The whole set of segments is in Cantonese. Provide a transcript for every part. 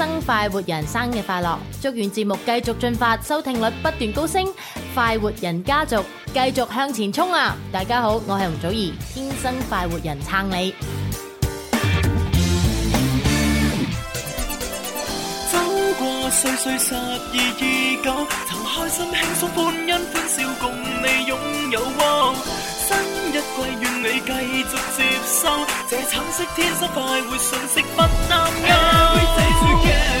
生快活人生日快樂，祝願節目繼續進發，收聽率不斷高升，快活人家族繼續向前衝啊！大家好，我係洪祖兒，天生快活人撐你。走過歲歲十二二九，曾開心輕鬆歡欣歡笑，共你擁有過。不怪，願你繼續接收這橙色天生快活信息，不擔憂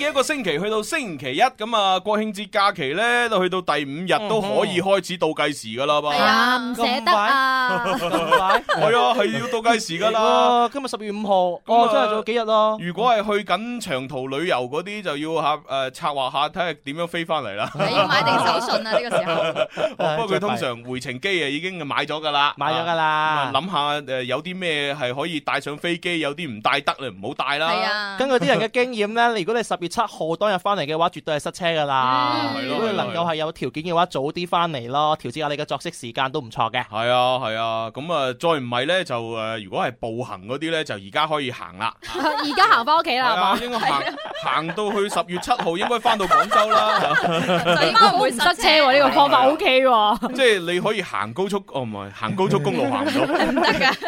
一個星期去到星期一咁啊，國慶節假期咧，去到第五日都可以開始倒計時噶啦噃，唔捨得啊，係 啊，係要倒計時噶啦。今日十月五號，咁啊，真係仲有幾日咯。如果係去緊長途旅遊嗰啲，就要吓誒、呃、策劃下，睇下點樣飛翻嚟啦。你要買定手信啊，呢 個時候。哦、不過佢通常回程機啊，已經買咗噶啦，買咗噶啦。諗下誒，有啲咩係可以帶上飛機，有啲唔帶得你唔好帶啦。係啊，根據啲人嘅經驗咧，你如果你十月七號當日翻嚟嘅話，絕對係塞車噶啦，嗯啊啊。如果能夠係有條件嘅話，早啲翻嚟咯，調節下你嘅作息時間都唔錯嘅。係啊係啊，咁啊再唔係咧就誒，如果係步行嗰啲咧，就而家可以行啦。而家行翻屋企啦，應該行行到去十月七號應該翻到廣州啦。應該唔會塞車喎，呢個方法 O K 喎。即係你可以行高速， 哦唔係行高速公路行唔到，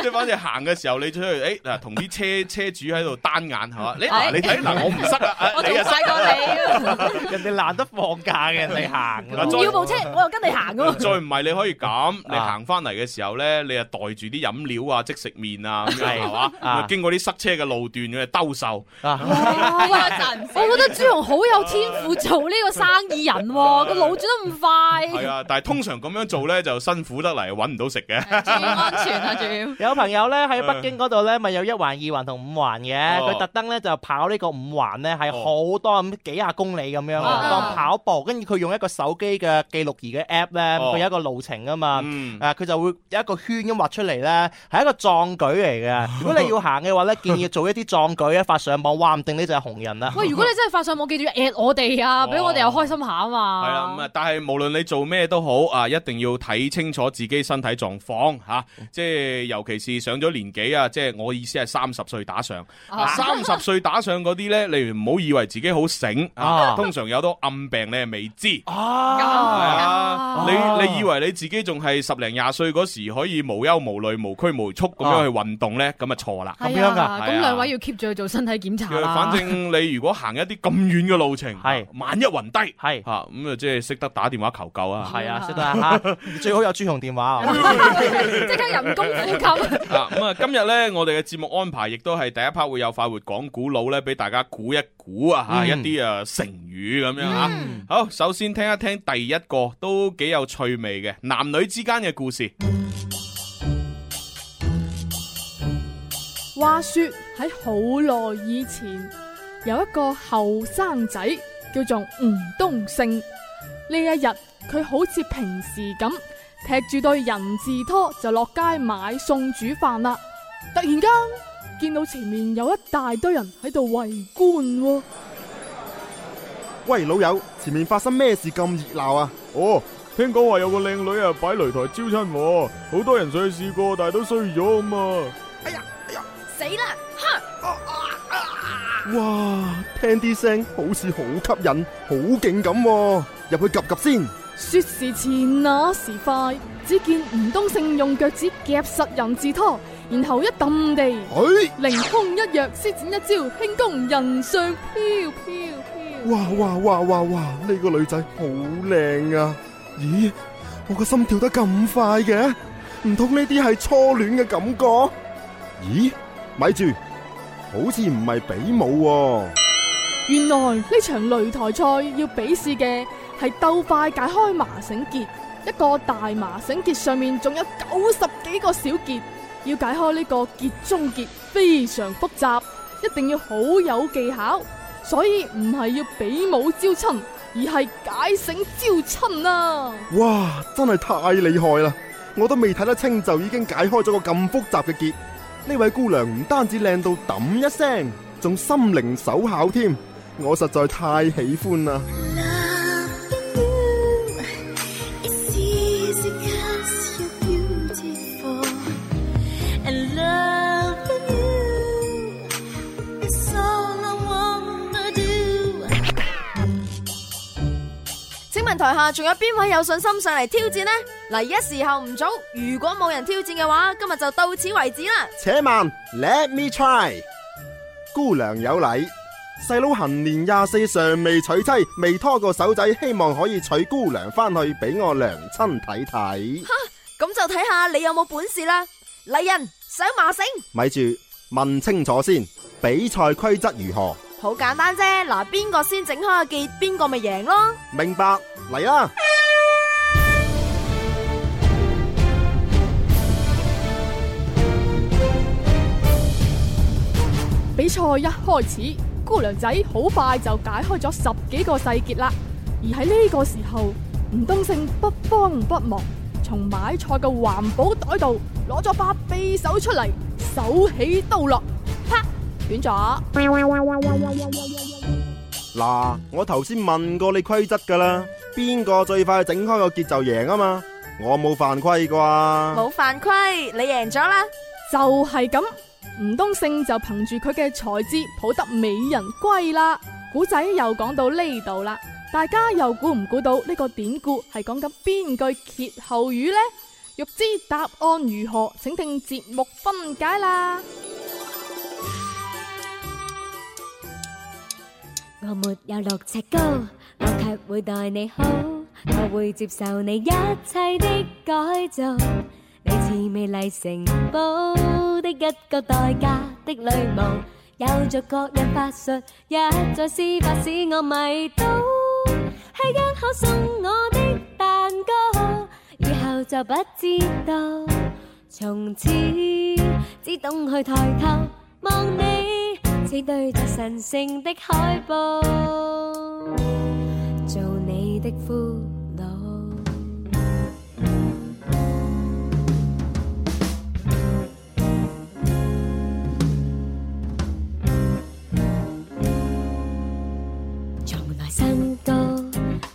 即係反正行嘅時候你出去誒嗱，同、哎、啲車車主喺度單眼係嘛、？ 啊，你你睇嗱，我唔塞啦日細過你，人哋難得放假嘅，你行啊！要部車，我又跟你行啊！再唔係你可以咁，你行翻嚟嘅時候咧，你啊袋住啲飲料啊、即食麵啊，係嘛？經過啲塞車嘅路段，佢啊兜售。哇！我覺得朱紅好有天賦做呢個生意人，個腦轉得咁快。係啊，但係通常咁樣做咧就辛苦得嚟，揾唔到食嘅。注意安全啊！注意。有朋友咧喺北京嗰度咧，咪有一環、二環同五環嘅，佢特登咧就跑呢個五環咧係好。好多咁幾廿公里咁樣，當跑步，跟住佢用一個手機嘅記錄儀嘅 app 咧，佢有一個路程啊嘛，誒佢就會有一個圈咁畫出嚟咧，係一個壯舉嚟嘅。如果你要行嘅話咧，建議做一啲壯舉啊，發上網，話唔定你就係紅人啦。喂，如果你真係發上網，記住 at 我哋啊，俾我哋又開心下啊嘛。係啊，咁啊，但係無論你做咩都好啊，一定要睇清楚自己身體狀況嚇，即係尤其是上咗年紀啊，即係我意思係三十歲打上，三十歲打上嗰啲咧，你唔好以為。自己好醒啊！通常有多暗病，你係未知啊！你你以為你自己仲係十零廿歲嗰時可以無憂無慮、無拘無束咁樣去運動呢？咁啊錯啦！咁樣噶，咁兩位要 keep 住去做身體檢查。反正你如果行一啲咁遠嘅路程，係萬一暈低，係嚇咁啊！即係識得打電話求救啊！係啊，識得最好有朱紅電話，即刻人工呼吸。咁啊，今日呢，我哋嘅節目安排亦都係第一 part 會有快活講古佬呢，俾大家估一估啊！啊、一啲、嗯啊、成語咁樣、嗯、好，首先聽一聽第一個都幾有趣味嘅男女之間嘅故事。話說喺好耐以前，有一個後生仔叫做吳東勝。呢一日，佢好似平時咁，踢住對人字拖就落街買餸煮飯啦。突然間見到前面有一大堆人喺度圍觀啊。喂，老友，前面發生咩事咁熱鬧啊？哦，聽講話有個靚女啊，擺擂台招親我，好多人上去試過，但係都衰咗啊嘛。哎呀，哎呀，死啦！哼！哇，聽啲聲好似好吸引，好勁咁，入去及及先。說時遲，那時快，只見吳東勝用腳趾夾實人字拖，然後一揼地，凌空一躍，施展一招輕功，人上飄飄。哇哇哇哇哇！呢個女仔好靚啊！咦，我個心跳得咁快嘅，唔通呢啲係初戀嘅感覺？咦，咪住，好似唔係比武喎。原來呢場擂台賽要比試嘅係鬥快解開麻繩結，一個大麻繩結上面仲有九十幾個小結，要解開呢個結中結，非常複雜，一定要好有技巧。所以唔係要比武招親，而係解醒招親啊！哇，真係太厲害啦！我都未睇得清就已經解開咗個咁複雜嘅結，呢位姑娘唔單止靚到揼一聲，仲心靈手巧添，我實在太喜歡啦！No. 問台下仲有邊位有信心上嚟挑戰呢？嗱，而家時候唔早，如果冇人挑戰嘅話，今日就到此為止啦。且慢，Let me try。姑娘有禮，細佬行年廿四，尚未娶妻，未拖過手仔，希望可以娶姑娘翻去俾我娘親睇睇。哈，咁就睇下你有冇本事啦。來人，上馬繩。咪住，問清楚先，比賽規則如何？好簡單啫，嗱，邊個先整開個結，邊個咪贏咯。明白。嚟啊！比賽一開始，姑娘仔好快就解開咗十幾個細節啦。而喺呢個時候，吳東升不慌不忙，從買菜嘅環保袋度攞咗把匕首出嚟，手起刀落，啪，斷咗。嗱、啊，我頭先問過你規則噶啦，邊個最快整開個結就贏啊嘛？我冇犯規啩、啊，冇犯規，你贏咗啦，就係咁，吳東勝就憑住佢嘅才智抱得美人歸啦。古仔又講到呢度啦，大家又估唔估到呢個典故係講緊邊句歇後語呢？欲知答案如何，請聽節目分解啦。我沒有六尺高，我卻會待你好，我會接受你一切的改造。你似美麗城堡的一個代價的女巫，有着各樣法術，一再施法使我迷倒。吃一口送我的蛋糕，以後就不知道，從此只懂去抬頭望你。只對着神聖的海報，做你的俘虜。從來山高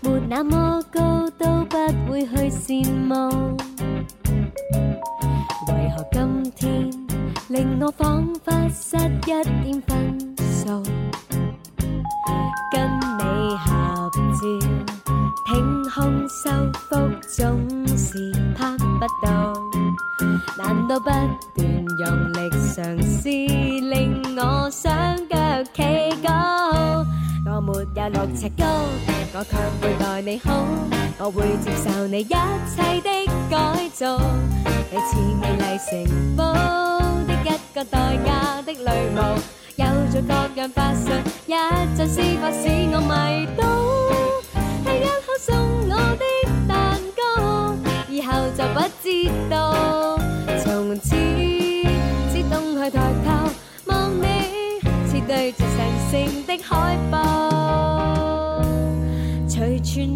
沒那麼高，都不會去羨慕。為何今天令我仿佛失一點？好，我會接受你一切的改造。你似美麗城堡的一個代價的女巫，有着各樣法術，一陣施法使我迷倒。吃一口送我的蛋糕，以後就不知道。從此只懂去抬頭望你，似對着神聖的海報。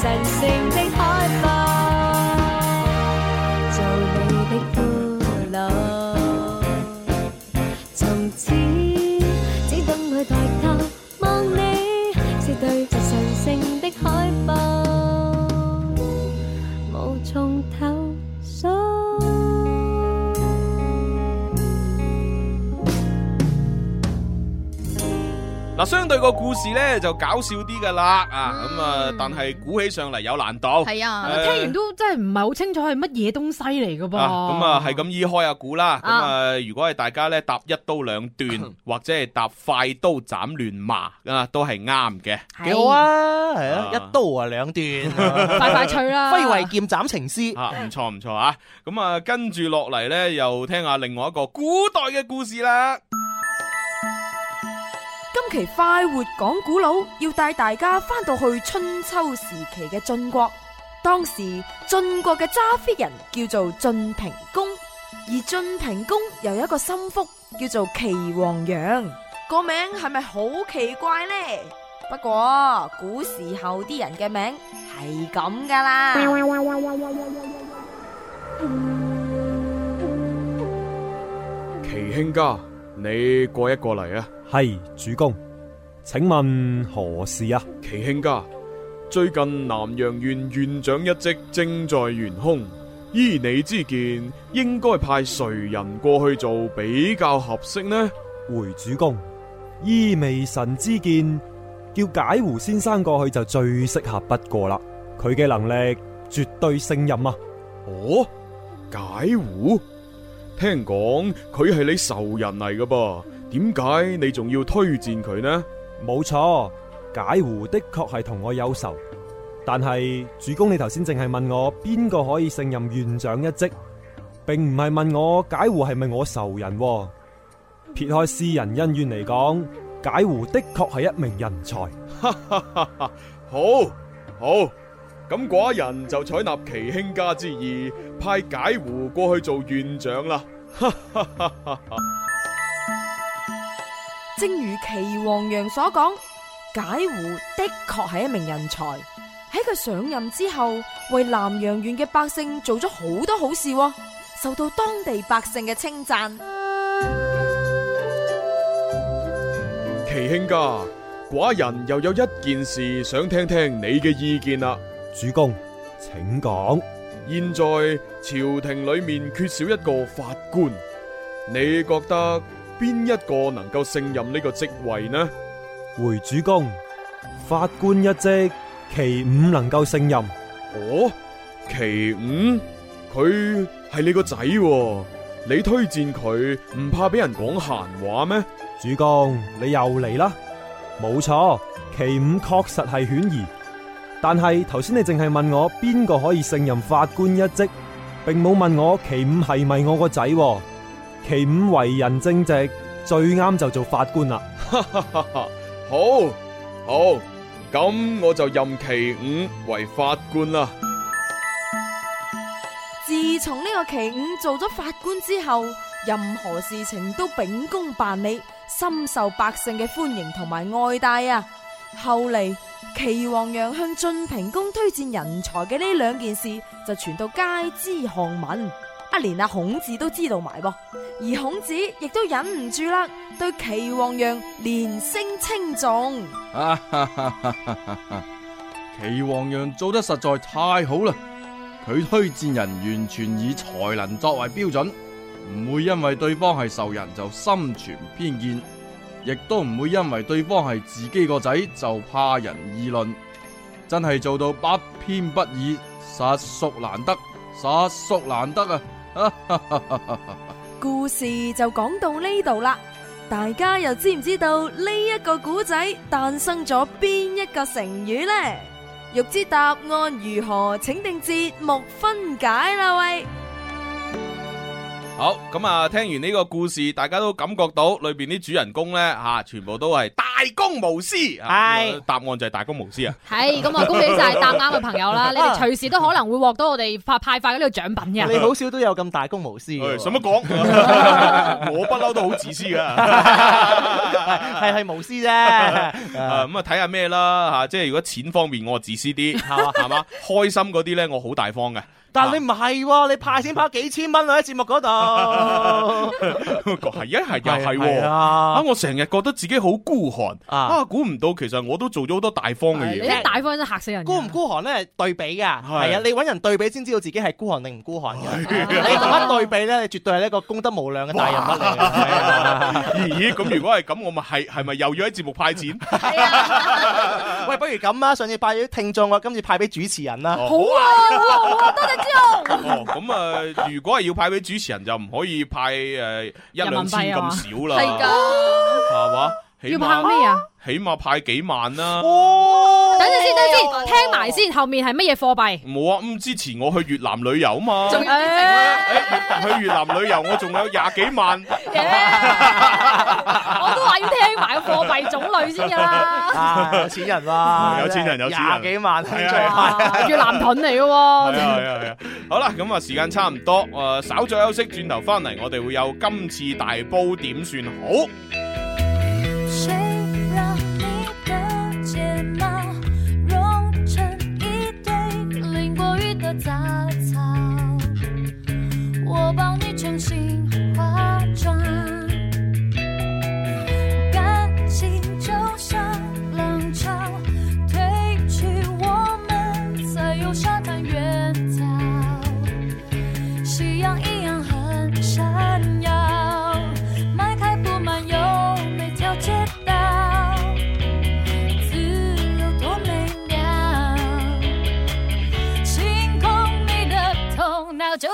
神聖的海。嗱，相對個故事咧就搞笑啲噶啦，啊，咁啊，但係估起上嚟有難度，係啊，聽完都真係唔係好清楚係乜嘢東西嚟噶噃。咁啊，係咁依開下估啦，咁啊，如果係大家咧搭一刀兩斷或者係搭快刀斬亂麻啊，都係啱嘅，幾好啊，係啊，一刀啊兩斷，快快脆啦，揮為劍斬情絲，啊，唔錯唔錯啊，咁啊，跟住落嚟咧又聽下另外一個古代嘅故事啦。期快活講古佬，要帶大家翻到去春秋時期嘅晉國。當時晉國嘅揸 fit 人叫做晉平公，而晉平公又有一個心腹叫做祁黃羊。個名係咪好奇怪呢？不過古時候啲人嘅名係咁噶啦。祁興家。你過一過嚟啊。係，主公，請問何事啊？奇興家，最近南陽縣縣長一職正在懸空，依你之見，應該派誰人過去做比較合適呢？回主公，依微臣之見，叫解狐先生過去就最適合不過啦，佢嘅能力絕對勝任啊！哦，解狐。聽講佢係你仇人嚟噶噃，點解你仲要推薦佢呢？冇錯，解狐的確係同我有仇，但係主公你頭先淨係問我邊個可以勝任院長一職，並唔係問我解狐係咪我仇人。撇開私人恩怨嚟講，解狐的確係一名人才。哈哈哈！好，好。咁寡人就採納祁卿家之意，派解狐過去做縣長啦。哈哈哈哈，正如祁黃羊所講，解狐的確係一名人才。喺佢上任之後，為南陽縣嘅百姓做咗好多好事，受到當地百姓嘅稱讚。祁卿家，寡人又有一件事想聽聽你嘅意見啦。主公，請講。現在朝廷裏面缺少一個法官，你覺得邊一個能夠勝任呢個職位呢？回主公，法官一職，其五能夠勝任。哦，其五，佢係你個仔喎，你推薦佢唔怕俾人講閒話咩？主公，你又嚟啦？冇錯，其五確實係犬兒。但係頭先你淨係問我邊個可以勝任法官一職，並冇問我其五係咪我個仔？其五為人正直，最啱就做法官啦。哈哈哈！好，好，咁我就任其五為法官啦。自從呢個其五做咗法官之後，任何事情都秉公辦理，深受百姓嘅歡迎同埋愛戴啊！後嚟，祁王楊向晉平公推薦人才嘅呢兩件事，就傳到街知巷聞，啊連阿孔子都知道埋，噃，而孔子亦都忍唔住啦，對祁王楊連聲稱頌。祁 王楊做得實在太好啦，佢推薦人完全以才能作為標準，唔會因為對方係仇人就心存偏見。亦都唔會因為對方係自己個仔就怕人議論，真係做到不偏不倚，實屬難得，實屬難得啊！哈， 故事就講到呢度啦，大家又知唔知道呢一個古仔誕生咗邊一個成語呢？欲知答案如何，請定節目分解啦，喂！好，咁啊、嗯！聽完呢個故事，大家都感覺到裏邊啲主人公咧吓，全部都係大公無私。係是、嗯、答案就係大公無私啊！係咁啊，恭喜晒答啱嘅朋友啦！ 你哋隨時都可能會獲得我哋發派發呢個獎品嘅。你好少都有咁大公無私嘅，使乜講？不 我不嬲都好自私噶，係 係 無私啫。咁 呃嗯、啊，睇下咩啦吓，即係如果錢方面我自私啲係嘛係嘛，開心嗰啲咧我好大方嘅。但你唔係喎，你派錢跑幾千蚊喺節目嗰度，係一係又係啊！我成日覺得自己好孤寒啊，估唔到其實我都做咗好多大方嘅嘢，你大方都嚇死人！孤唔孤寒咧對比㗎，係啊，你揾人對比先知道自己係孤寒定唔孤寒。你唔揾對比咧，你絕對係一個功德無量嘅大人物嚟嘅。咦？咁如果係咁，我咪係係咪又要喺節目派錢？喂，不如咁啊！上次派咗啲聽眾，啊，今次派俾主持人啦。好啊，好啊，多謝。 哦，咁啊，如果係要派俾主持人，就唔可以派誒一兩千咁少啦，係嘛？起碼要派咩啊？起碼派幾萬啦、啊！哦哇，等陣先，等陣先，聽埋先，後面係乜嘢貨幣？冇啊，咁之前我去越南旅遊啊嘛，仲要、欸欸、去越南旅遊，我仲有廿幾萬，啊、 我都話要聽埋貨幣種類先噶、啊、啦、啊。有錢人嘛、啊， 有錢人，有錢廿幾萬係、啊、真 越南盾嚟噶喎。係啊係啊，好啦，咁啊時間差唔多，誒稍作休息，轉頭翻嚟，我哋會有今次大煲點算好？的雜草，我幫你成形。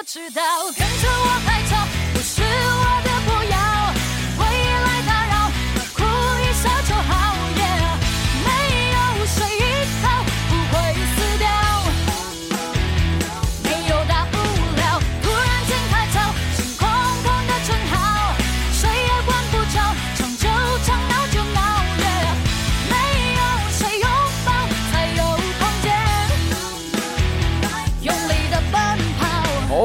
直到。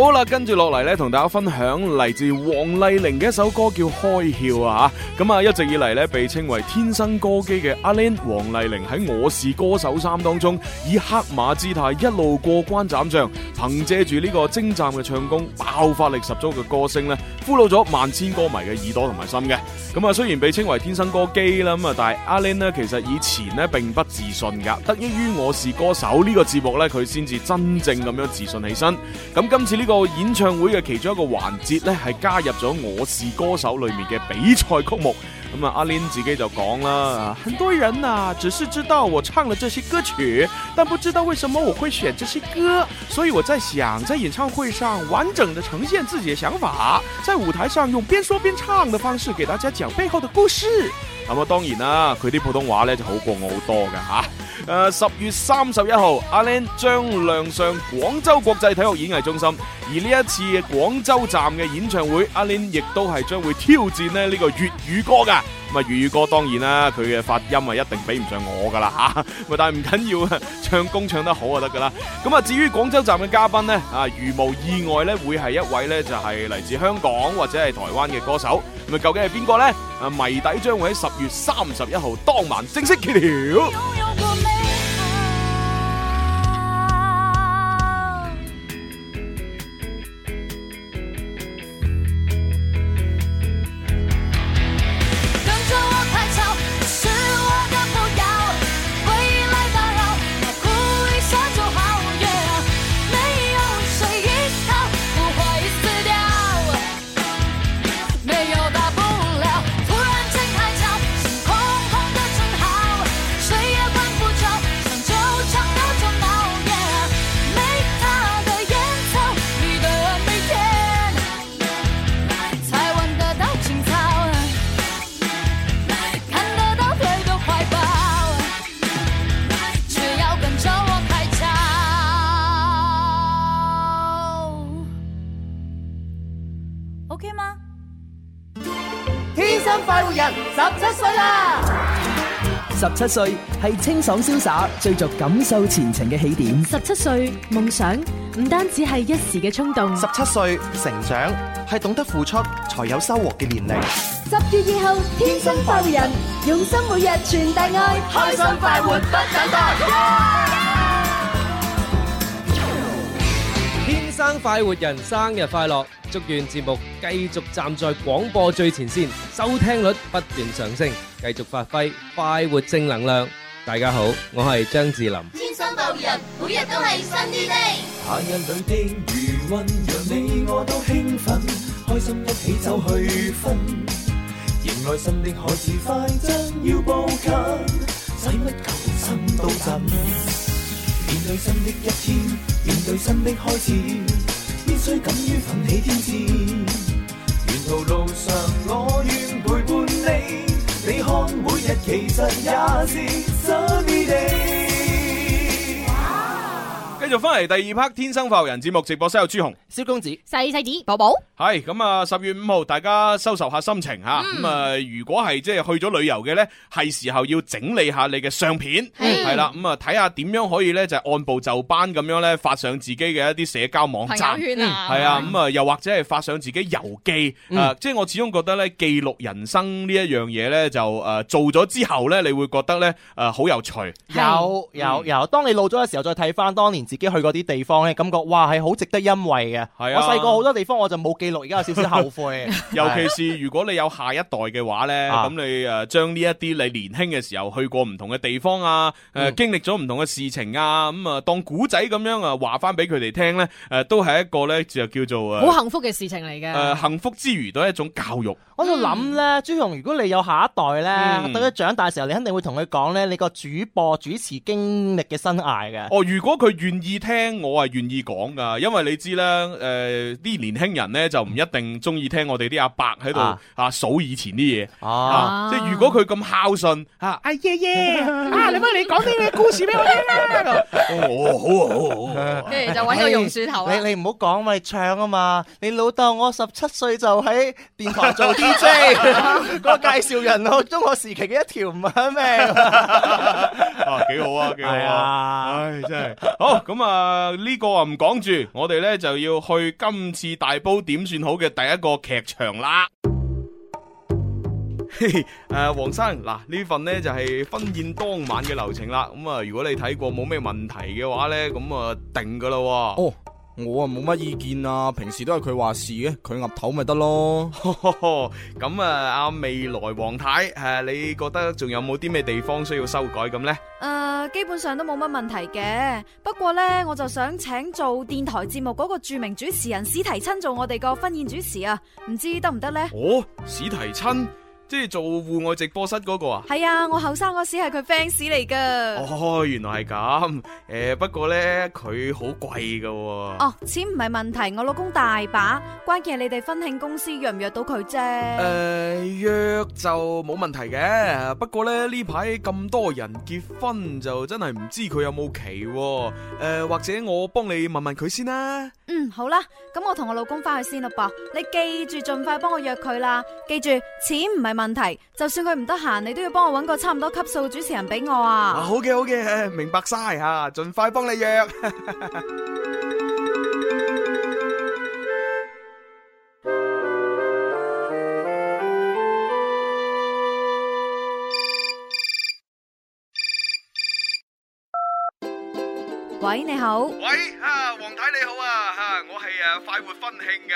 好啦，跟住落嚟咧，同大家分享嚟自黃麗玲嘅一首歌叫《開竅》啊吓，咁啊一直以嚟咧被稱為天生歌姬嘅阿 Len 黃麗玲喺《我是歌手》三當中以黑馬姿態一路過關斬將，憑借住呢個精湛嘅唱功、爆發力十足嘅歌聲咧，俘虜咗萬千歌迷嘅耳朵同埋心嘅。咁啊，雖然被稱為天生歌姬啦，咁啊，但係阿 Len 咧其實以前咧並不自信噶，得益於《我是歌手》這個、呢個節目咧，佢先至真正咁樣自信起身。咁今次呢、這個？個演唱會嘅其中一個環節呢，係加入咗《我是歌手》裏面嘅比賽曲目。咁啊，阿 Lin 自己就講啦， 很多人啊，只是知道我唱了這些歌曲，但不知道為什麼我會選這些歌。所以我在想，在演唱會上完整地呈現自己嘅想法，在舞台上用邊說邊唱的方式，給大家講背後的故事。咁 啊，當然啦，佢啲普通話呢，就好過我好多噶啊！誒十、呃、月三十一號，阿 Len 將亮相廣州國際體育演藝中心，而呢一次嘅廣州站嘅演唱會，阿 Len 亦都係將會挑戰呢呢個粵語歌噶。咁啊，粵語歌當然啦，佢嘅發音係一定比唔上我噶啦嚇、啊。但係唔緊要，唱功唱得好就得噶啦。咁啊，至於廣州站嘅嘉賓呢，啊如無意外呢，會係一位呢就係嚟自香港或者係台灣嘅歌手。咁啊，究竟係邊個呢？啊，謎底將會喺十月三十一號當晚正式揭曉。七歲係清爽瀟灑、追逐感受前程嘅起點歲。十七歲夢想唔單止係一時嘅衝動歲。十七歲成長係懂得付出才有收穫嘅年齡。十月二號，天生快活人，用心每日傳遞愛，開心快活不簡單。生快活人生日快樂，祝願節目繼續站在廣播最前線，收聽率不斷上升，繼續發揮快活正能量。大家好，我係張智霖。天生快活人，每日都係新天地。夏日裏的餘温，讓你我都興奮，開心一起走去分。迎來新的開始，快將要步近，使乜咁心都震？最新的一天，面對新的開始，必須敢於奮起挑戰。沿途路上，我願陪伴你。你看，每日其實也是。繼續翻嚟第二 part《天生快活人》節目，直播室有朱紅、蕭公子、細細子、寶寶。係咁啊！十月五號，大家收拾下心情吓。咁、嗯、啊，如果係即係去咗旅遊嘅呢，係時候要整理下你嘅相片。係啦、嗯，咁啊，睇下點樣可以呢？就按部就班咁樣呢，發上自己嘅一啲社交網站。朋友圈啊，係啊，咁、嗯、啊，又、嗯、或者係發上自己遊記、嗯、啊。即、就、係、是、我始終覺得呢，記錄人生呢一樣嘢呢，就誒、呃、做咗之後呢，你會覺得呢，誒、呃、好有趣。有有、嗯、有，有有嗯、當你老咗嘅時候，再睇翻當年自。自己去嗰啲地方咧，感覺哇係好值得欣慰嘅。啊、我細個好多地方我就冇記錄，而家有少少後悔。 尤其是如果你有下一代嘅話呢咁 你誒將呢一啲你年輕嘅時候去過唔同嘅地方啊，誒、呃、經歷咗唔同嘅事情啊，咁、嗯、啊、嗯、當古仔咁樣啊話翻俾佢哋聽呢，誒、呃呃、都係一個呢，就叫做誒好、呃、幸福嘅事情嚟嘅、呃。幸福之餘都係一種教育。嗯、我度諗呢，朱雄，如果你有下一代呢，嗯、到佢長大嘅時候，你肯定會同佢講呢：「你個主播主持經歷嘅生涯嘅。哦，如果佢願意。意聽我係願意講噶，因為你知啦。誒啲年輕人咧就唔一定中意聽我哋啲阿伯喺度啊，數以前啲嘢，啊，即係如果佢咁孝順啊，阿爺爺啊，你幫你講啲咩故事俾我聽啊，好啊好啊，跟住就搵個榕樹頭，你你唔好講咪唱啊嘛，你老豆我十七歲就喺電台做 DJ，個介紹人我中學時期嘅一條命啊，幾好啊，幾好啊，唉真係好咁。咁啊呢、這個啊唔講住，我哋呢就要去今次大煲點算好嘅第一個劇場啦。誒， 黃生，嗱呢份呢就係婚宴當晚嘅流程啦。咁啊，如果你睇過冇咩問題嘅話呢，咁啊定噶啦。哦。Oh. 我啊，冇乜意見啊，平時都係佢話事嘅，佢岌頭咪得咯。咁啊，阿未來王太，誒、啊,你覺得仲有冇啲咩地方需要修改咁呢？誒、呃，基本上都冇乜問題嘅，不過呢，我就想請做電台節目嗰個著名主持人史提親做我哋個婚宴主持啊，唔知得唔得呢？哦，史提親。即係做戶外直播室嗰個啊？係啊，我後生嗰時係佢 fans 嚟噶。哦，原來係咁。誒、呃，不過咧佢好貴噶。貴啊，哦，錢唔係問題，我老公大把。關鍵係你哋婚慶公司約唔約到佢啫？誒、嗯呃，約就冇問題嘅。不過咧呢排咁多人結婚，就真係唔知佢有冇期、啊。誒、呃，或者我幫你問問佢先啦。嗯，好啦，咁我同我老公翻去先啦噃。你記住盡快幫我約佢啦。記住，錢唔係問題。就算佢唔得閒，你都要幫我揾個差唔多級數嘅主持人俾我啊！好嘅，好嘅，明白晒吓，盡快幫你約。 喂，你好。喂，啊，黃太你好啊，吓我係誒快活婚慶噶。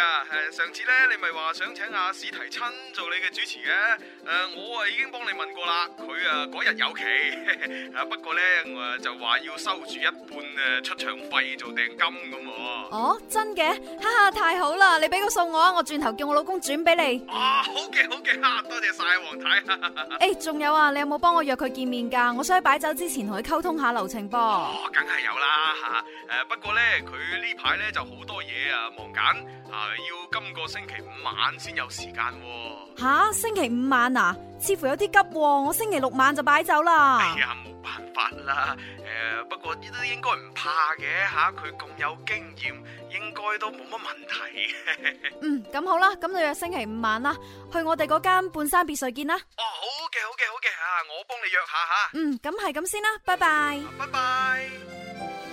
誒，上次咧你咪話想請阿史提親做你嘅主持嘅。誒，我啊已經幫你問過啦，佢啊嗰日有期。 不過咧我就話要收住一半嘅出場費做訂金咁。哦，真嘅？哈哈，太好啦！你俾個數我啊，我轉頭叫我老公轉俾你。啊，好嘅，好嘅，吓多謝晒黃太。誒、 哎，仲有啊，你有冇幫我約佢見面噶？我想喺擺酒之前同佢溝通下流程噃。哦，梗係有啦。吓，誒、啊啊、不過咧佢呢排咧就好多嘢啊忙緊，啊要今個星期五晚先有時間、啊。吓、啊，星期五晚啊，似乎有啲急、啊。我星期六晚就擺酒啦。哎、呀，冇辦法啦。誒、啊，不過呢都應該唔怕嘅吓，佢、啊、咁有經驗，應該都冇乜問題。 嗯，咁好啦，咁就約星期五晚啦，去我哋嗰間半山別墅見啦。哦，好嘅，好嘅，好嘅，啊我幫你約下吓。嗯，咁係咁先啦，拜拜。啊、拜拜。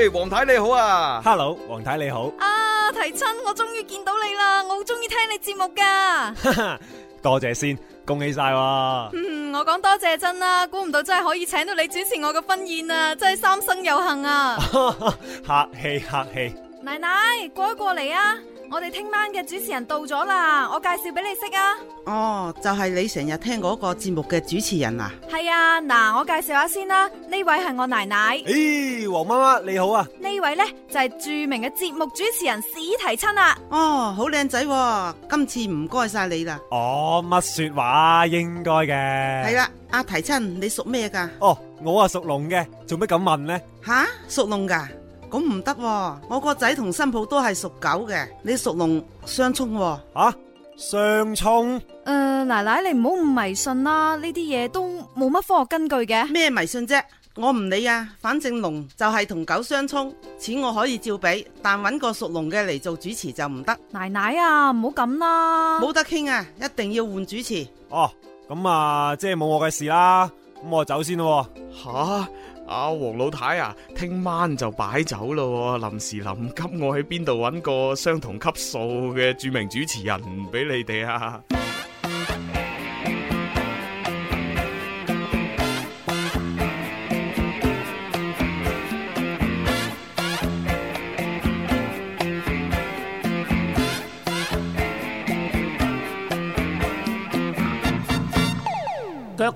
Hey, 王太太你好啊，Hello，王太太你好。啊，提親，我終於見到你啦，我好中意聽你節目噶。 多謝先，恭喜晒喎、啊！嗯，我講多謝真啦，估唔到真係可以請到你主持我嘅婚宴啊，真係三生有幸啊！ 客氣客氣，奶奶過一過嚟啊！我哋聽晚嘅主持人到咗啦，我介紹俾你識啊！哦，就係、是、你成日聽嗰個節目嘅主持人啊！係啊，嗱，我介紹下先啦，呢位係我奶奶。咦、哎，黃媽媽你好啊！位呢位咧就係、是、著名嘅節目主持人史提親啊！哦，好靚仔，今次唔該晒你啦！哦，乜說話應該，應該嘅。係啦，阿提親，你屬咩噶？哦，我屬龍啊屬龍嘅，做乜噉問咧？吓，屬龍噶？咁唔得，我個仔同新抱都係屬狗嘅。你屬龍相沖，吓相沖。誒、呃，奶奶你唔好咁迷信啦，呢啲嘢都冇乜科學根據嘅。咩迷信啫？我唔理啊，反正龍就係同狗相沖，錢我可以照俾，但搵個屬龍嘅嚟做主持就唔得。奶奶啊，唔好咁啦。冇得傾啊，一定要換主持。哦，咁啊，即係冇我嘅事啦，咁我走先咯、啊。吓！阿黃老太啊，聽晚就擺酒咯，臨時臨急，我喺邊度揾個相同級數嘅著名主持人俾你哋啊！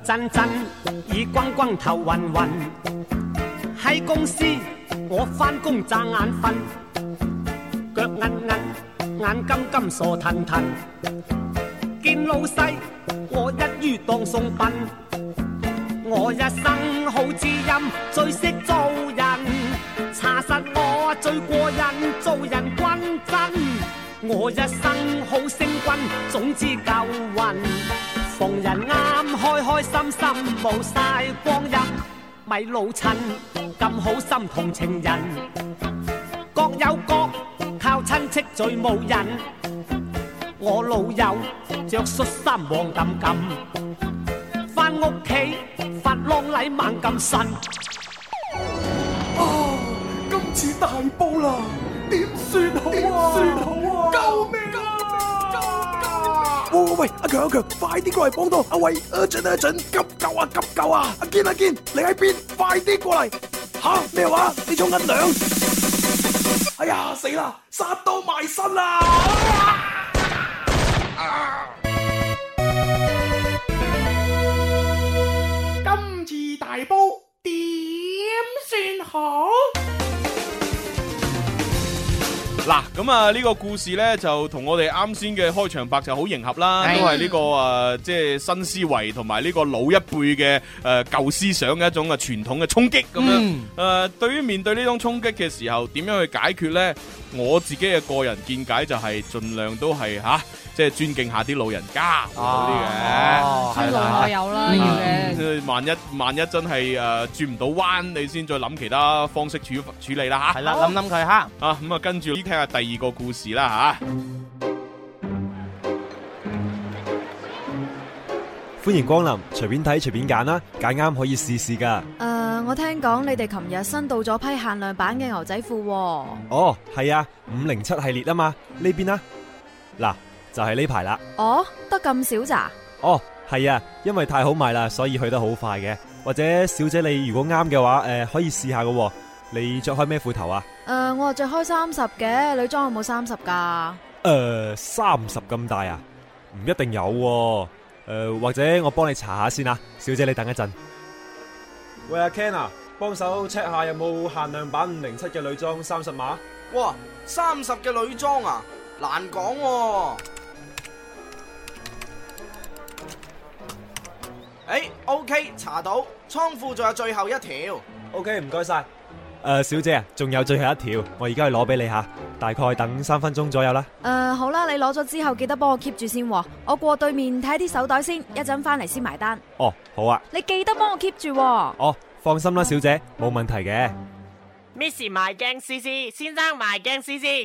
陣陣，耳光光，頭暈暈。喺公司，我翻工爭眼瞓，腳硬硬，眼金金，傻騰騰。見老細，我一於當送品。我一生好知音，最識做人。查實我最過癮，做人均真。我一生好升君，總之夠運。逢人啱開開心心，冇晒光陰，咪老襯。咁好心同情人，各有各靠親戚最冇癮。我老友着恤衫往氹氹，翻屋企發浪禮猛咁神。啊！今次大煲啦，點算好啊？點算好啊？救命啊！喂喂喂，阿強阿強，快啲過嚟幫到！阿偉，阿俊阿俊，急救啊急救啊！阿堅阿堅，你喺邊？快啲過嚟！吓咩話？你沖緊涼？哎呀，死啦！殺到埋身啦！今次大煲點算好？嗱，咁啊，呢個故事呢，就同我哋啱先嘅開場白就好迎合啦，都係呢、這個誒，即、呃、係新思維同埋呢個老一輩嘅誒舊思想嘅一種啊傳統嘅衝擊咁樣。誒、嗯呃，對於面對呢種衝擊嘅時候，點樣去解決呢？我自己嘅個人見解就係盡量都係嚇，即、啊、係、就係、尊敬下啲老人家嗰啲嘅，尊老就有啦。萬一萬一真係誒、呃、轉唔到彎，你先再諗其他方式處處理啦嚇。係啦，諗諗佢嚇。啊，咁啊，跟、嗯、住聽下第二個故事啦嚇。啊歡迎光臨，隨便睇，隨便揀啦，揀啱可以試試噶。誒、呃，我聽講你哋琴日新到咗批限量版嘅牛仔褲、啊。哦，係啊，五零七系列啊嘛，呢邊、啊、啦，嗱、就係，就係呢排啦。哦，得咁少咋、啊？哦，係啊，因為太好賣啦，所以去得好快嘅。或者小姐你如果啱嘅話，誒、呃，可以試下喎。你着開咩褲頭啊？誒、呃，我話着開三十嘅女裝有冇三十噶？誒、呃，三十咁大啊？唔一定有、啊。誒、呃，或者我幫你查下先啦，小姐你等一陣。喂，阿 Ken 啊，幫手 check 下有冇限量版五零七嘅女裝三十碼。哇，三十嘅女裝啊，難講喎、啊。誒、欸，OK，查到，倉庫仲有最後一條。OK，唔該晒。誒、呃，小姐啊，仲有最後一條，我而家去攞俾你吓，大概等三分鐘左右啦。誒、呃，好啦，你攞咗之後記得幫我 keep 住先，哦，我過對面睇啲手袋先，一陣翻嚟先埋單。哦，好啊，你記得幫我 keep 住哦。哦，放心啦，小姐，冇問題嘅。Miss 埋鏡試試，先生埋鏡試試。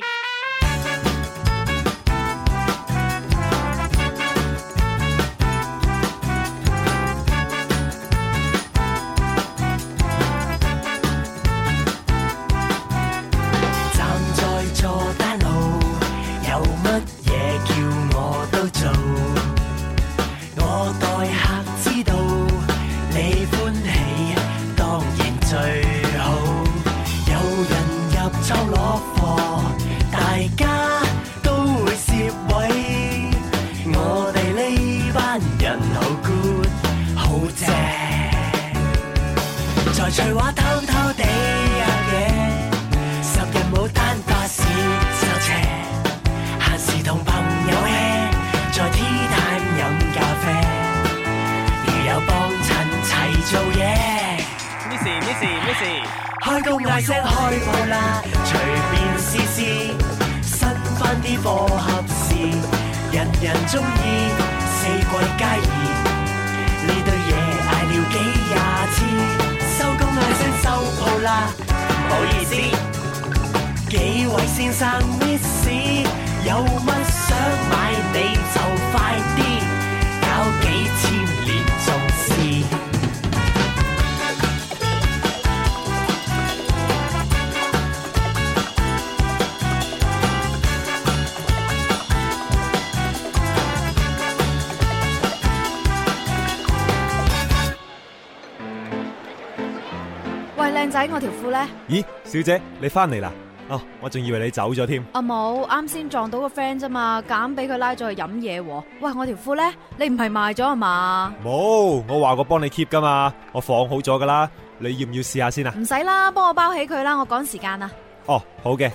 咦，小姐你翻嚟啦？哦，我仲以為你走咗添。阿冇、啊，啱先撞到個 friend 啫嘛，咁俾佢拉咗去飲嘢。喂，我條褲咧，你唔係賣咗啊嘛？冇，我話過幫你 keep 噶嘛，我放好咗噶啦。你要唔要試下先啊？唔使啦，幫我包起佢啦，我趕時間啊。哦，好嘅。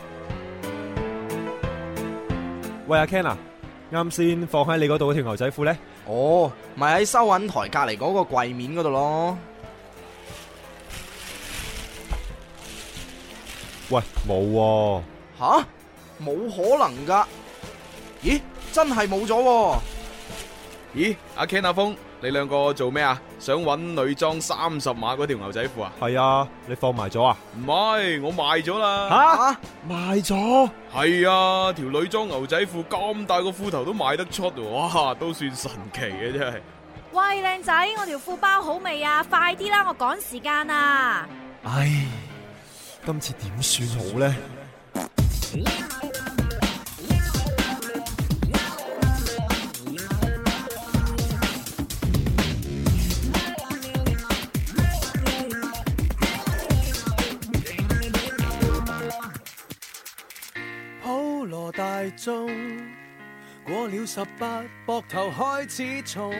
喂，阿 Ken 啊，啱先放喺你嗰度嗰條牛仔褲咧？哦，咪喺收銀台隔籬嗰個櫃面嗰度咯。喂，冇喎，吓，冇可能噶！咦，真係冇咗？咦，阿 Ken、阿峰，你兩個做咩啊？想搵女裝三十碼嗰條牛仔褲啊？係啊，你放埋咗啊？唔係，我賣咗啦。吓，賣咗？係啊，條女裝牛仔褲咁大個褲頭都賣得出，哇，都算神奇嘅真係。喂，靚仔，我條褲包好未啊？快啲啦，我趕時間啊！唉。今次點算好咧？ 普羅大眾，過了十八，膊頭開始重，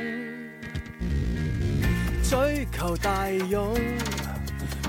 追求大勇。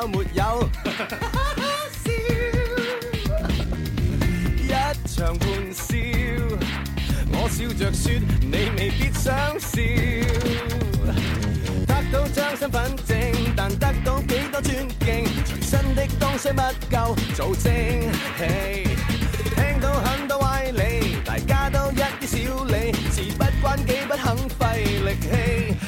有沒有哈哈一場玩笑，我笑着說，你未必想笑。得到張身份證，但得到幾多尊敬，隨身的東西不夠做精氣。Hey, 聽到很多歪理，大家都一啲小理，事不關己不肯費力氣。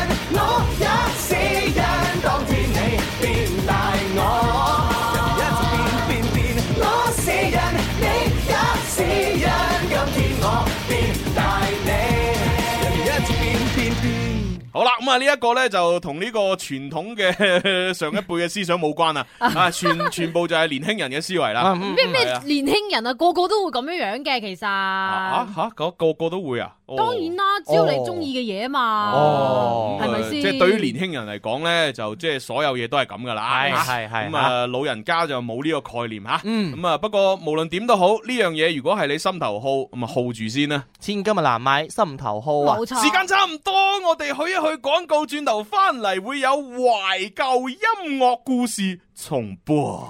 呢一個咧就同呢個傳統嘅上一輩嘅思想冇關啊，啊全全部就係年輕人嘅思維啦。咩咩年輕人啊，個個都會咁樣樣嘅，其實吓吓個個都會啊？當然啦，只要你中意嘅嘢嘛，哦，係咪先？即係對於年輕人嚟講咧，就即係所有嘢都係咁噶啦，係係咁啊！老人家就冇呢個概念吓，咁啊！不過無論點都好，呢樣嘢如果係你心頭好，咁啊 hold 住先啦，千金啊難買心頭好啊！冇錯，時間差唔多，我哋去一去講。告轉頭翻嚟會有懷舊音樂故事重播。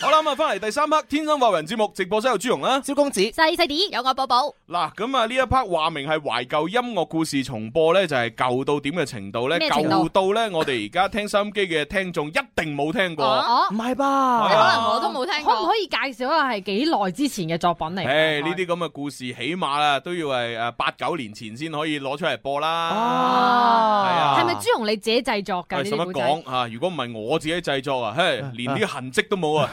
好啦，咁啊，翻嚟第三 part 天生快活人節目直播室有朱蓉啦，蕭公子細細啲有我寶寶。嗱咁啊，呢一 part 話明係懷舊音樂故事重播咧，就係舊到點嘅程度咧？舊到咧，我哋而家聽收音機嘅聽眾一定冇聽過，唔係吧？可能我都冇聽過。可唔可以介紹一下係幾耐之前嘅作品嚟？誒，呢啲咁嘅故事起碼啊都要係誒八九年前先可以攞出嚟播啦。哦，係咪朱蓉你自己製作嘅呢？你使乜講，如果唔係我自己製作啊，嘿，連啲痕跡都冇啊！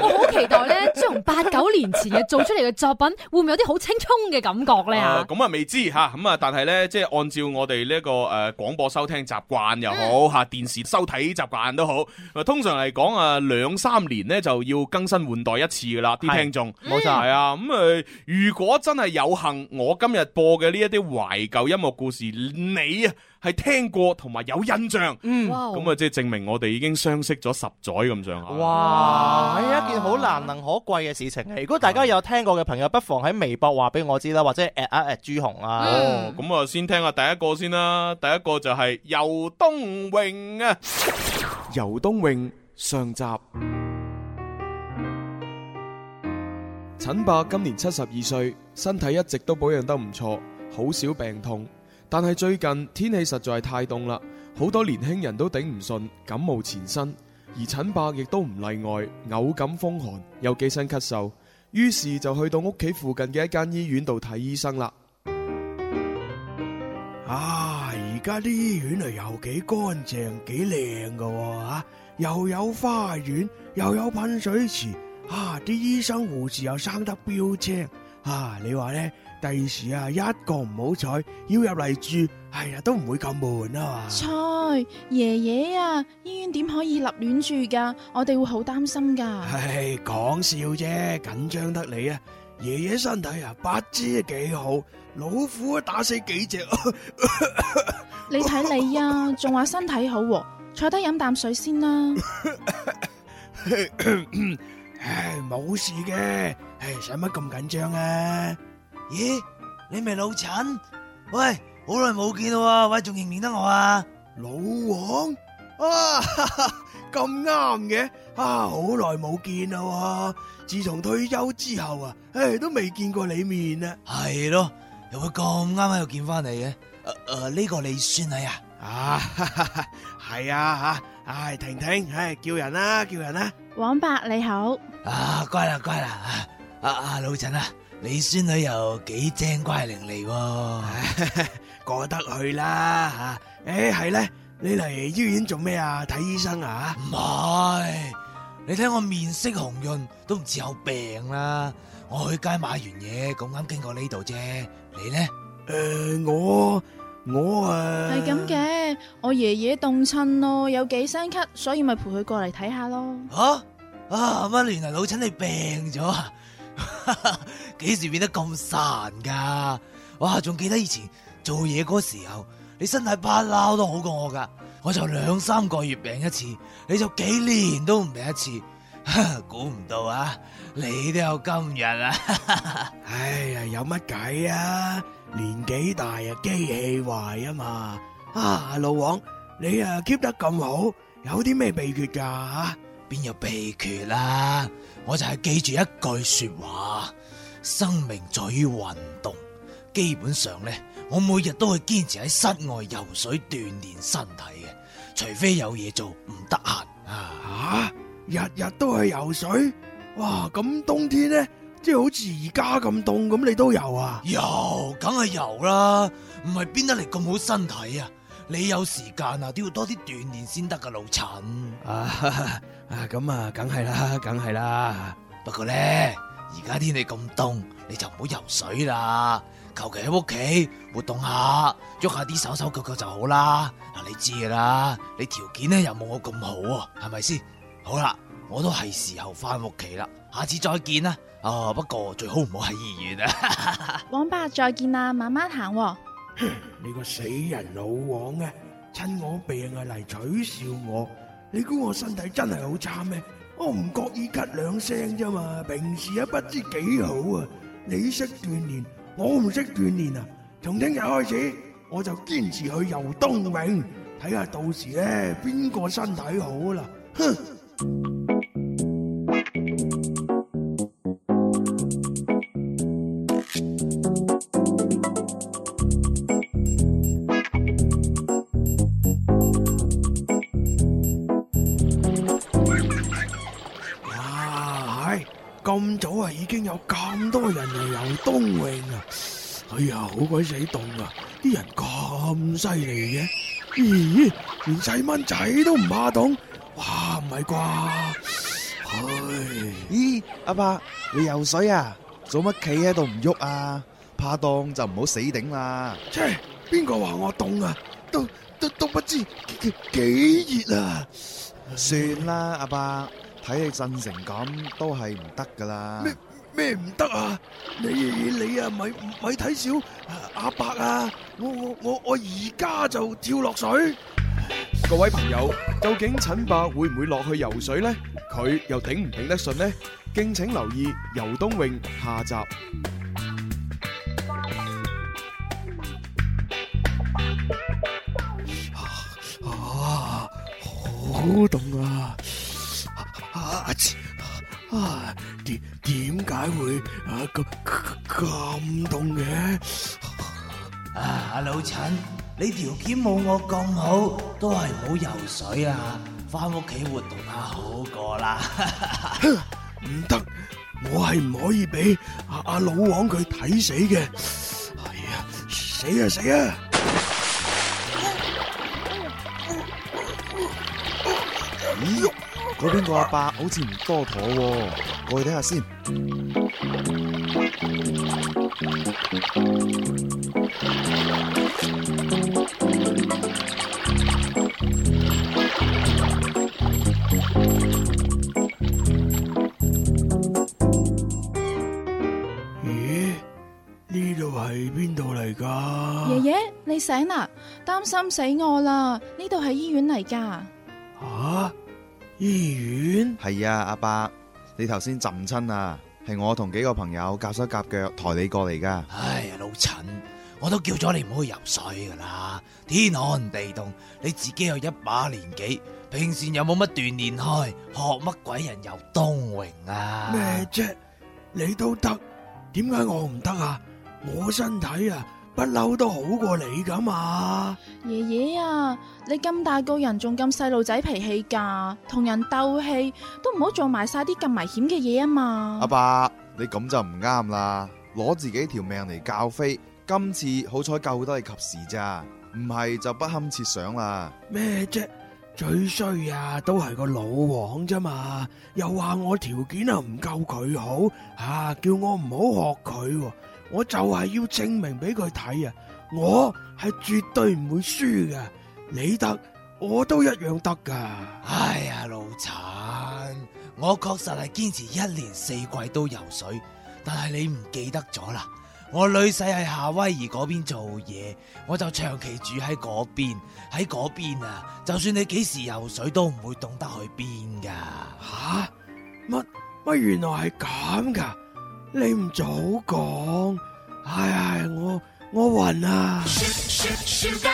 我好期待咧，將八九年前嘅做出嚟嘅作品，會唔會有啲好青蔥嘅感覺咧？咁啊未知吓，咁啊但係咧，即係按照我哋呢一個誒廣、呃、播收聽習慣又好吓，嗯、電視收睇習慣都好，通常嚟講啊兩三年咧就要更新換代一次噶啦，啲是聽眾冇錯係啊。咁、嗯、啊如果真係有幸，我今日播嘅呢一啲懷舊音樂故事，你啊～係聽過同埋有印象，咁啊、嗯，即係證明我哋已經相識咗十載咁上下。哇，係哇一件好難能可貴嘅事情。如果大家有聽過嘅朋友，是的 不妨喺微博話俾我知啦，或者 at 阿 at 朱紅啊。嗯、哦，咁啊，先聽下第一個先啦。第一個就係游冬泳」啊，游冬泳」上集。陳伯今年七十二歲，身體一直都保養得唔錯，好少病痛。但係最近天氣實在太凍啦，好多年輕人都頂唔順，感冒纏身，而陳伯亦都唔例外，偶感風寒，有幾聲咳嗽，於是就去到屋企附近嘅一間醫院度睇醫生啦。啊，而家啲醫院有多乾淨多啊又幾乾淨，幾靚噶吓，又有花園，又有噴水池，啊，啲醫生護士又生得標青，啊，你話呢？第二時啊，一個唔好彩，要入嚟住，係、哎、呀，都唔會咁悶啊！蔡爺爺啊，醫院點可以立亂住噶？我哋會好擔心噶。唉，講笑啫，緊張得你啊！爺爺身體啊，八支幾好，老虎都、啊、打死幾隻。 你睇你啊，仲話身體好、啊，坐低飲啖水先啦、啊。 唉，冇事嘅，唉，使乜咁緊張啊？咦，你咪老陳？喂，好耐冇見咯，喂，仲認唔認得我啊？老王啊，哈哈，咁啱嘅，啊，好耐冇見咯，自從退休之後啊，誒，都未見過你面啦。係咯，又會咁啱喺度見翻你嘅？誒誒，呢個你孫女啊？啊，哈哈，係啊吓，唉，婷婷，唉，叫人啦，叫人啦。王伯你好。啊，乖啦，乖啦，啊啊老陳啊。你孫女又幾精，乖伶俐，過得去啦吓。誒，係咧，你嚟醫院做咩啊？睇醫生啊？唔係，你睇我面色紅潤，都唔似有病啦。我去街買完嘢，咁啱經過呢度啫。你咧？誒，我我誒，係咁嘅。我爺爺凍親咯，有幾聲咳，所以咪陪佢過嚟睇下咯。啊啊！乜？原來老親你病咗啊？幾時變得咁殘噶？哇，仲記得以前做嘢嗰時候，你身體不嬲都好過我噶。我就兩三個月病一次，你就幾年都唔病一次。估唔到啊，你都有今日啊！哈哈。哎呀，有乜計啊？年紀大啊，機器壞啊嘛。啊，老王，你啊 keep 得咁好，有啲咩秘訣噶？邊有秘訣啦？啊？我就係記住一句說話。生命在於運動，基本上咧，我每日都係堅持喺室外游水鍛煉身體嘅，除非有嘢做唔得閒啊！吓，日日都去游水，哇！咁冬天咧，即係好似而家咁凍，咁你都游啊？游，梗係游啦，唔係邊得嚟咁好身體啊？你有時間啊，都要多啲鍛煉先得噶，老陳啊！啊，咁啊，梗係啦，梗係啦，不過咧。而家天氣咁凍，你就唔好游水啦，求其喺屋企活動下，喐下啲手手腳腳就好啦。嗱，你知噶啦，你條件咧又冇我咁好啊，係咪先？好啦，我都係時候翻屋企啦，下次再見啦。啊、哦，不過最好唔好喺醫院啊。王伯再見啦，慢慢行。 你個死人老王嘅，啊，趁我病啊嚟取笑我，你估我身體真係好差咩？我唔覺意咳兩聲啫嘛，平時啊不知幾好啊，你識鍛鍊，我唔識鍛鍊啊，從聽日開始我就堅持去游冬泳，睇下到時咧邊個身體好啦，哼！好鬼死凍啊！啲人咁犀利嘅，咦、欸？連細蚊仔都唔怕凍，哇！唔係啩？唉，咦、欸？阿伯，你游水啊？做乜企喺度唔喐啊？怕凍就唔好死頂啦！切，邊個話我凍啊？都都都不知幾熱啊！算啦，阿伯，睇你震成咁，都係唔得噶啦。咩唔得啊？你你啊，咪咪睇小阿伯啊！我我我我而家就跳落水。各位朋友，究竟陳伯會唔會落去游水咧？佢又頂唔頂得順咧？敬請留意《游冬泳》下集。啊，好凍啊！啊，阿志。啊，點點解會啊咁咁凍嘅？啊，阿、啊啊啊啊啊啊、老陳，你條件冇我咁好，都係唔好游水啊，翻屋企活動下好，好過啦。唔得，啊，我係唔可以俾阿阿老王佢睇死嘅。係啊，死啊死啊！嗰邊個阿伯好似唔多妥喎，我去睇下先。咦？呢度係邊度嚟噶？爺爺，你醒啦！擔心死我啦！呢度係醫院嚟噶。吓、啊！醫院係啊，阿伯，你頭先浸親啊，係我同幾個朋友夾手夾腳抬你過嚟噶。唉，老陳，我都叫咗你唔好去游水噶啦，天寒地凍，你自己又一把年紀，平時又冇乜鍛煉開，學乜鬼人游冬泳啊？咩啫？你都得，點解我唔得啊？我身體啊～不嬲都好過你噶嘛，爺爺啊，你咁大個人仲咁細路仔脾氣噶，同人鬥氣都唔好做埋晒啲咁危險嘅嘢啊嘛。阿爸，你咁就唔啱啦，攞自己條命嚟教飛，今次好彩救得你及時咋，唔係就不堪設想啦。咩啫？最衰啊，都係個老王啫嘛，又話我條件啊唔夠佢好，叫我唔好學佢。我就係要證明俾佢睇啊，我係絕對唔會輸噶，你得我都一樣得噶。哎呀，老陳，我確實係堅持一年四季都游水，但係你唔記得咗啦，我女婿喺夏威夷嗰邊做嘢，我就長期住喺嗰邊，喺嗰邊啊，就算你幾時游水都唔會凍得去邊噶。吓、啊，乜乜原來係咁噶？你唔早講，係、哎、係，我我暈啊！Shoot, shoot,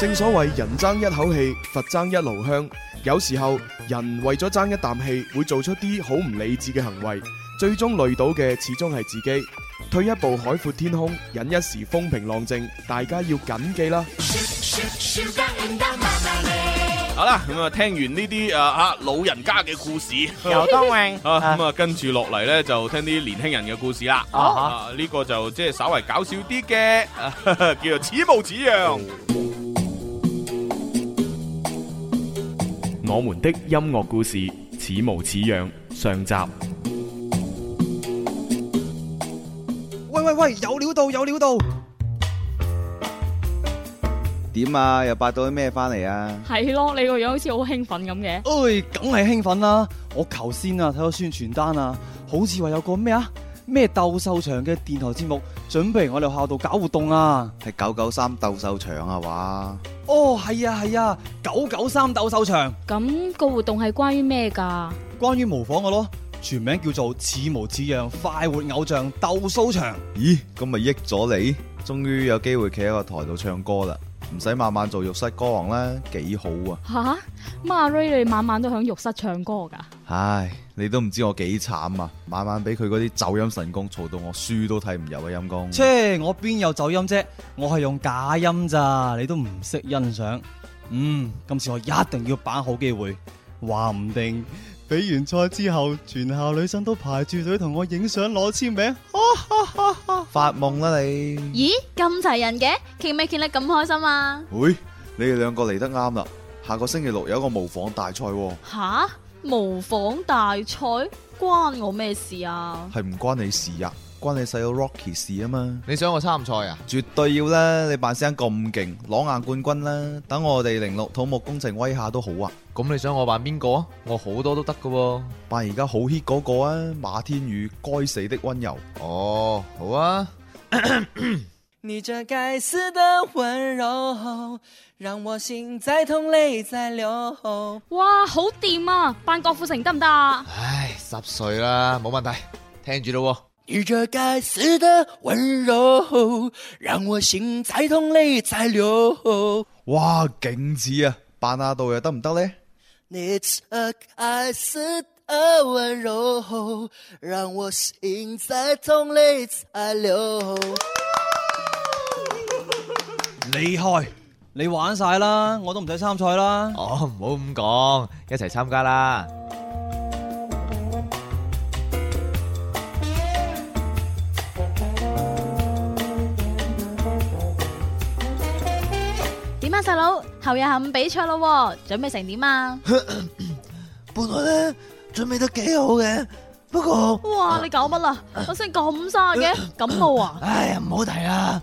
正所謂人爭一口氣，佛爭一爐香。有時候人為咗爭一啖氣，會做出啲好唔理智嘅行為，最終累到嘅始終係自己。退一步海闊天空，忍一時風平浪靜。大家要謹記啦。好啦，咁、嗯、啊聽完呢啲啊吓老人家嘅故事，游冬泳咁啊、嗯、跟住落嚟咧，就聽啲年輕人嘅故事啦。哦、啊呢、這個就即係稍微搞笑啲嘅、啊，叫做似模似樣。我們的音樂故事，似模似樣上集。喂喂喂，有料到有料到，點 啊？又帶到啲咩翻嚟啊？係咯，你個樣好似好興奮咁嘅。唉，梗係興奮啦！我頭先啊睇咗宣傳單啊，好似話有個咩啊？咩鬥秀場嘅電台節目準備我哋學校度搞活動啊？係九九三鬥秀場啊？話，哦，係啊，係啊，九九三鬥秀場。咁個活動係關於咩噶？關於模仿嘅咯，全名叫做似模似樣快活偶像鬥秀場。咦，咁咪益咗你，終於有機會企喺個台度唱歌啦。唔使晚晚做浴室歌王啦，幾好啊！吓乜阿 Ray，你晚晚都響浴室唱歌噶？唉，你都唔知我幾慘啊！晚晚俾佢嗰啲走音神功嘈到我書都睇唔入嘅陰功、啊，切，我邊有走音啫、啊？我係用假音咋？你都唔識欣賞。嗯，今次我一定要把握好機會，話唔定。比完賽之後，全校女生都排住隊同我影相攞簽名，啊啊啊啊、發夢啦你！咦，咁齊人嘅，傾咩傾得咁開心啊？喂、哎，你哋兩個嚟得啱啦，下個星期六有一個模仿大賽、啊。吓，模仿大賽關我咩事啊？係唔關你事呀、啊？關你細佬 Rocky 事啊嘛！你想我參賽啊？絕對要啦！你扮聲咁勁，攞硬冠軍啦！等我哋零六土木工程威下都好啊！咁你想我扮邊個？我好多都得噶、啊，扮而家好 hit 嗰個啊！馬天宇《該死的溫柔》哦，好啊！ 你這該死的溫柔，讓我心在痛，淚在流。哇，好掂啊！扮郭富城得唔得啊？唉，十歲啦，冇問題，聽住咯。你這該死的溫柔，讓我心在痛，淚在流。哇，景子啊，扮下度又得唔得呢？行行你這該死的溫柔，讓我心在痛，淚在流。厲害，你玩晒啦，我都唔使參賽啦。哦，唔好咁講，一齊參加啦。好，後日下午比賽咯，準備成點啊？本來咧準備得幾好嘅，不過哇，你搞乜啊？我聲咁沙嘅，感冒啊？哎呀，唔好提啦！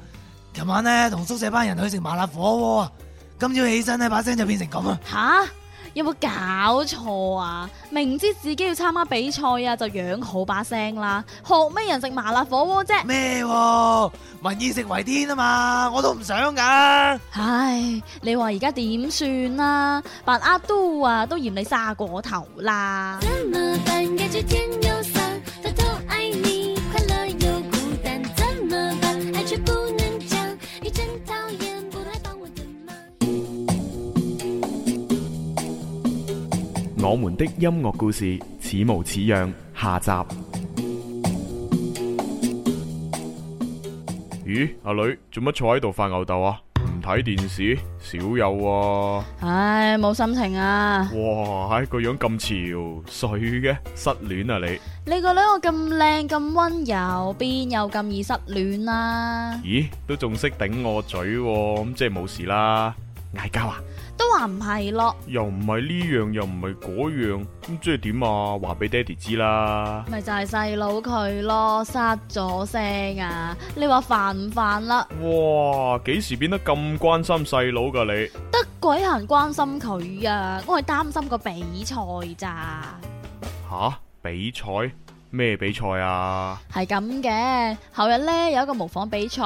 琴晚咧同宿舍班人去食麻辣火鍋啊，今朝起身咧把聲就變成咁啊！吓？有冇搞錯啊？明知自己要參加比賽啊，就養好把聲啦。學咩人食麻辣火鍋啫？咩？民以食為天啊嘛，我都唔想噶。唉，你話而家點算啊？扮阿都啊，都嫌你沙過頭啦。我們的音樂故事似模似樣，下集。咦，阿女做乜坐喺度發吽哣啊？唔睇電視，少有啊！唉，冇心情啊！哇，唉、哎，個樣咁潮，水嘅？失戀啊你？你個女我咁靚咁温柔，邊有咁易失戀啊？咦，都仲識頂我嘴，咁即係冇事啦。嗌交啊！都話唔係咯，又唔係呢樣，又唔係嗰樣，咁即係點啊？話俾爹哋知啦，咪就係細佬佢咯，失咗聲啊！你話煩唔煩啦？哇，幾時變得咁關心細佬噶你？得鬼閒關心佢啊！我係擔心個比賽咋？吓？啊？比賽？咩比賽啊？係咁嘅，後日呢，有一個模仿比賽，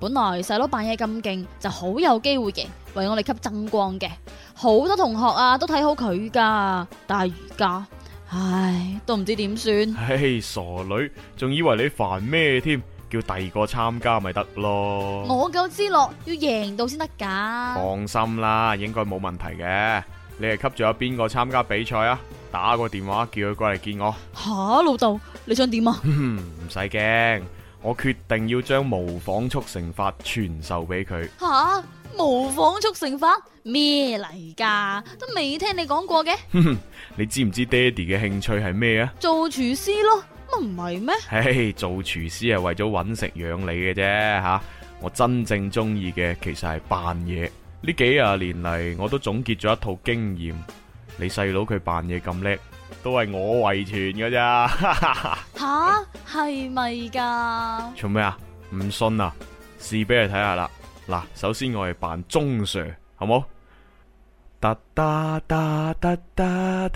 本來細佬扮嘢咁勁，就好有機會贏，為我哋級爭光嘅。好多同學啊都睇好佢噶，但係而家，唉，都唔知點算。唉，傻女，仲以為你煩咩添？叫第二個參加咪得咯。我夠知咯，要贏到先得噶。放心啦，應該冇問題嘅。你係吸咗邊個參加比賽啊？打個電話叫佢過嚟見我。吓，老豆，你想點啊？唔使驚，我決定要將模仿速成法傳授俾佢。吓，模仿速成法咩嚟噶？都未聽你講過嘅。 你知唔知爹哋嘅興趣係咩啊？做廚師咯，乜唔係咩？嘿、hey，做廚師係為咗搵食養你嘅啫，吓！我真正中意嘅其實係扮嘢。呢幾廿年嚟，我都總結咗一套經驗。你細佬佢扮嘢咁叻，都係我遺傳㗎。咋吓？係咪噶？做咩啊？唔信啊？試俾你睇下啦。嗱，首先我係扮中 Sir，好冇？噠噠噠噠噠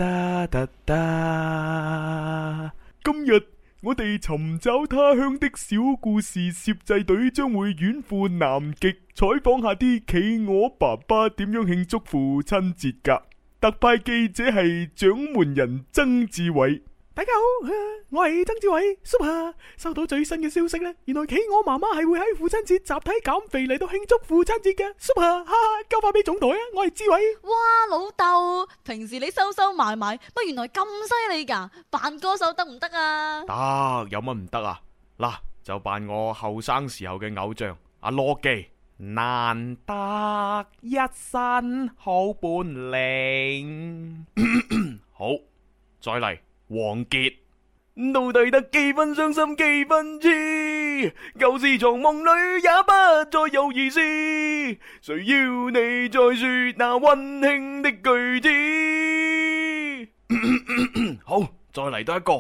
噠噠。今日我哋尋找他鄉的小故事攝製隊將會遠赴南極採訪下啲企鵝爸爸點樣慶祝父親節噶。特派記者係掌門人曾志偉，大家好，我係曾志偉。Super 收到最新嘅消息呢，原來企鵝媽媽係會喺父親節集體減肥嚟到，慶祝父親節嘅。Super 哈哈，交翻俾總台啊，我係志偉。哇，老豆，平時你收收埋埋，乜原來咁犀利噶？扮歌手得唔得啊？得，有乜唔得啊？嗱，就扮我後生時候嘅偶像阿羅記。難得一身好本領， 好，再嚟王傑，到底得幾分傷心幾分痴，舊事藏夢裏也不再有意思，誰要你再說那温馨的句子？ 好，再嚟多一個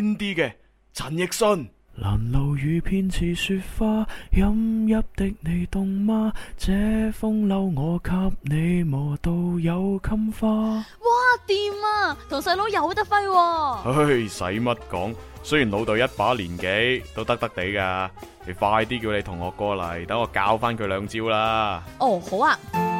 in 啲嘅陳奕迅。攔路雨偏似雪花，飲泣的你凍嗎？這風褸我給你磨到有襟花。哇，掂啊，同細佬有得揮，啊。嘿，嘿，使乜講？雖然老豆一把年紀，都得得地噶。你快啲叫你同學過嚟，等我教翻佢兩招啦。哦，好啊。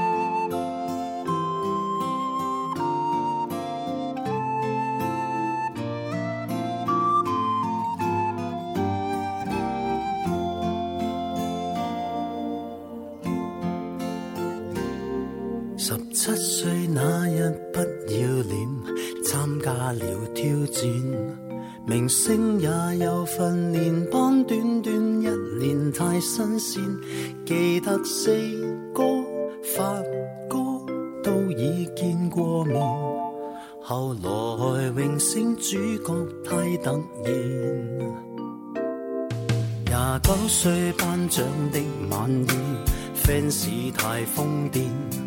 十七歲那日，不要臉參加了挑戰，明星也有訓練班，短短一年太新鮮。記得四哥、發哥都已見過面，後來榮升主角太突然。廿九歲頒獎的晚宴，fans 太瘋癲。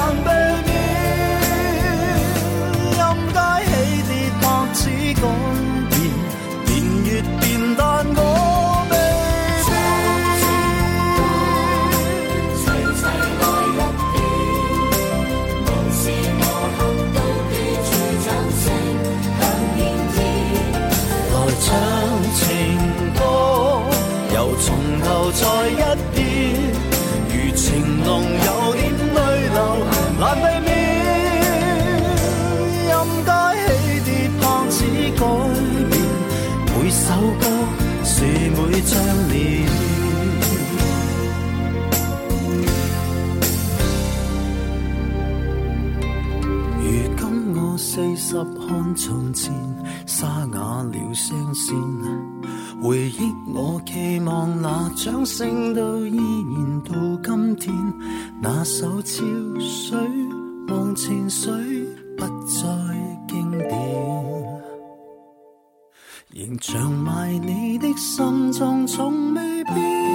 從前沙啞了聲線，回憶我期望那掌聲都依然到今天。那首《潮水忘情水》不再經典，仍唱埋你的心中，從未變。